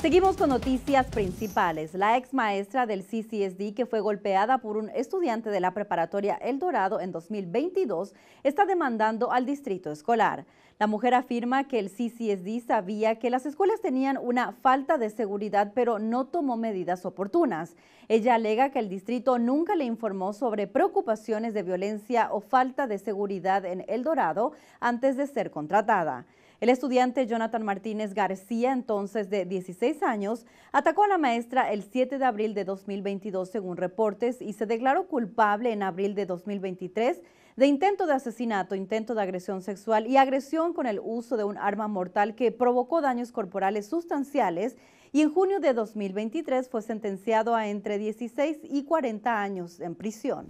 Seguimos con noticias principales. La ex maestra del CCSD que fue golpeada por un estudiante de la preparatoria El Dorado en 2022 está demandando al distrito escolar. La mujer afirma que el CCSD sabía que las escuelas tenían una falta de seguridad pero no tomó medidas oportunas. Ella alega que el distrito nunca le informó sobre preocupaciones de violencia o falta de seguridad en El Dorado antes de ser contratada. El estudiante Jonathan Martínez García, entonces de 16 años, atacó a la maestra el 7 de abril de 2022 según reportes y se declaró culpable en abril de 2023 de intento de asesinato, intento de agresión sexual y agresión con el uso de un arma mortal que provocó daños corporales sustanciales y en junio de 2023 fue sentenciado a entre 16 y 40 años en prisión.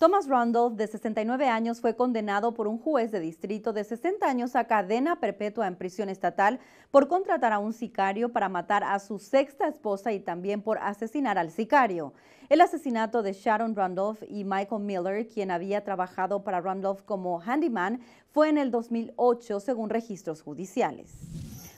Thomas Randolph, de 69 años, fue condenado por un juez de distrito de 60 años a cadena perpetua en prisión estatal por contratar a un sicario para matar a su sexta esposa y también por asesinar al sicario. El asesinato de Sharon Randolph y Michael Miller, quien había trabajado para Randolph como handyman, fue en el 2008, según registros judiciales.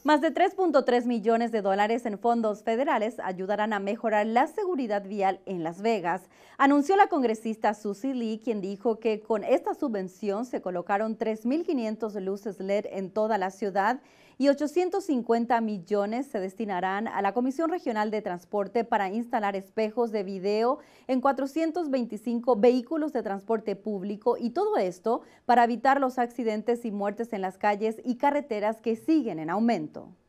Más de 3.3 millones de dólares en fondos federales ayudarán a mejorar la seguridad vial en Las Vegas, anunció la congresista Susie Lee, quien dijo que con esta subvención se colocaron 3.500 luces LED en toda la ciudad y 850 millones se destinarán a la Comisión Regional de Transporte para instalar espejos de video en 425 vehículos de transporte público y todo esto para evitar los accidentes y muertes en las calles y carreteras que siguen en aumento. momento